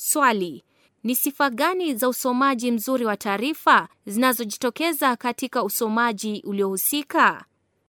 Swali: ni sifa gani za usomaji mzuri wa taarifa zinazojitokeza katika usomaji uliohusika?